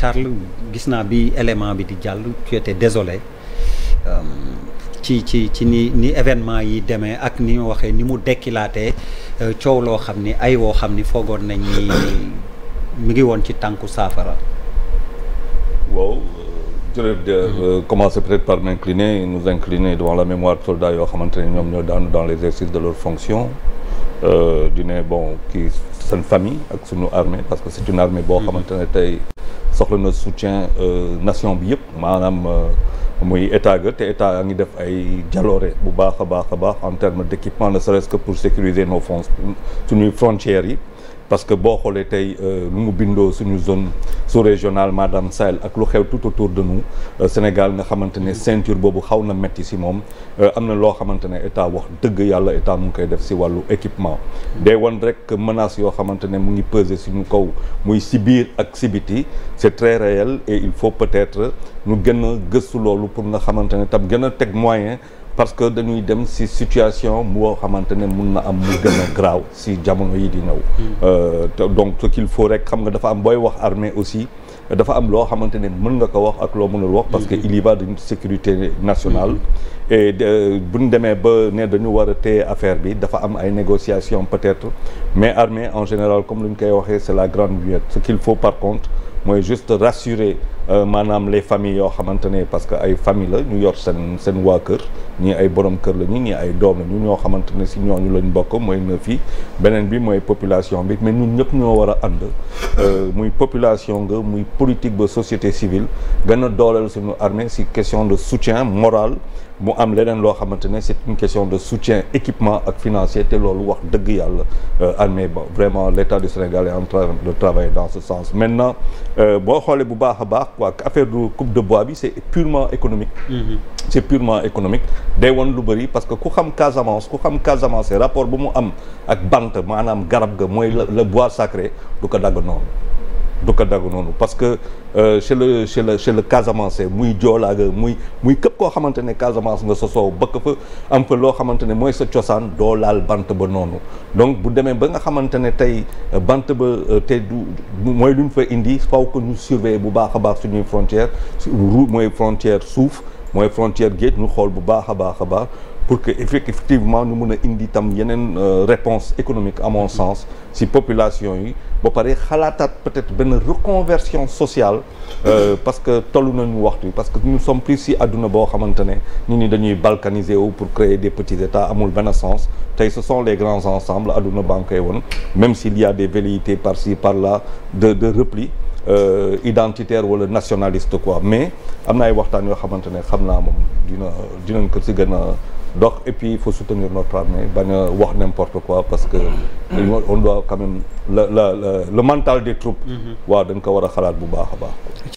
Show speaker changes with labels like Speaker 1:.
Speaker 1: Charles gis naa bi élément bi di jàll tu étais euh, ci ci ci ni ni événement yi demee ak ni waxee ni mu dekkilaatee euh, coow loo xam ni ay woo xam ni foogoon nañ mu ngi woon ci tànku saafara. waaw euh, jërëjëf. Mm-hmm. commencer peut-être par m'incliner nous incliner devant la mémoire de yoo xamante ne ñoom ñoo daanu dans l'exercice de leur fonction. di ne bon kii seen famille ak suñu armée parce que c'est une armée boo mm-hmm. xamante tey. soxla na soutien euh, nation bi yëpp maanaam euh, muy état ga te état a ngi def ay jaloore bu baax a baax a baax en terme d' équipement ne serait-ce que pour sécuriser nos fonds suñuy frontières parce que boo xoolee tey lu euh, mu bindoo suñu zone sous-régionale maanaam Sahel ak lu xew tout autour de nous euh, Sénégal nga xamante ne ceinture boobu xaw na metti si moom euh, am na loo xamante ne état wax dëgg yàlla état mu ngi koy def si wàllu équipement day wan rek menace yoo xamante ne mu ngi peser suñu kaw muy si biir ak si biti c'est très réel et il faut peut-être ñu gën a gëstu loolu pour nga xamante ne tam gën a teg moyen parce que dañuy dem si situation moo xamante ne mun na am mu gën a graaw si jamono yi di ñëw. Euh, donc ce qu'il faut rek xam nga dafa am booy wax armée aussi dafa am loo xamante ne mën nga ko wax ak loo mënul wax. parce que mm-hmm. il y va d'une sécurité national mm-hmm. et euh, bu ñu demee ba ne dañu war a téye affaire bi dafa am ay négociations peut-être mais armée en général comme lu ñu koy waxee c'est la grande muette ce qu'il faut par contre mooy juste rassurer. Euh, maanaam les familles yoo xamante ne parce que ay famille la ñu yor seen seen waa kër ñii ay borom kër la ñu ñii ay doom la ñoo xamante ne si ñooñu lañ bokk mooy neuf yi beneen bi mooy population bi mais ñun ñëpp ñoo war a ànd euh, muy population nga muy politique ba société civile gën a dooleel suñu armée si question de soutien moral mu am leneen loo xamante ne c'est une question de soutien équipement ak financier te loolu wax dëgg yàlla euh, armée ba vraiment l'état du Sénégal est en de travailler dans ce sens maintenant boo xoolee bu baax a baax quoi affaire du coupe de bois bi c' purement économique mhm. c' purement économique day won lu bëri parce que ku xam casamence ku xam Casamance rapport bu mu am ak bant maanaam garab ga mooy le bois sacré du ko dagg noonu du ko dagu noonu parce que euh, chez che chez le chez Casamance muy joolaa nga muy muy képp koo xamante ne Casamance nga sa soow bëkk fa am fa loo xamante ne mooy sa cosaan doo laal bant ba noonu donc bu demee ba nga xamante ne tey euh, bant ba euh, tey du mooy lu ñu fa indi faw ko ñu surveiller bu baax a baax suñuy frontière ru mooy frontière suuf mooy frontière géej nu xool bu baax a baax a baax pour que effectivement nu mën a indi tam yeneen euh, réponse économique à mon sens si population yi ba pare xalaataat peut-être benn reconversion sociale euh, parce que tollu nañu waxtu parce que nous sommes plus si àdduna boo xamante ne nit ñi dañuy balkaniser wu pour créer des petits états amul benn sens tey ce sont les grands ensembles àdduna banqué woon même s'il y a des velléités par-ci par-là de de repli Euh, identitaire wala nationaliste quoi mais am na ay waxtaan yoo xamante ne xam naa moom dina dinañ ko si gën donc et puis il faut soutenir notre armée bañ a wax n'importe quoi parce que on doit quand même la la le mental des troupes mhm. waaw dañ ko war a xalaat bu baax a baax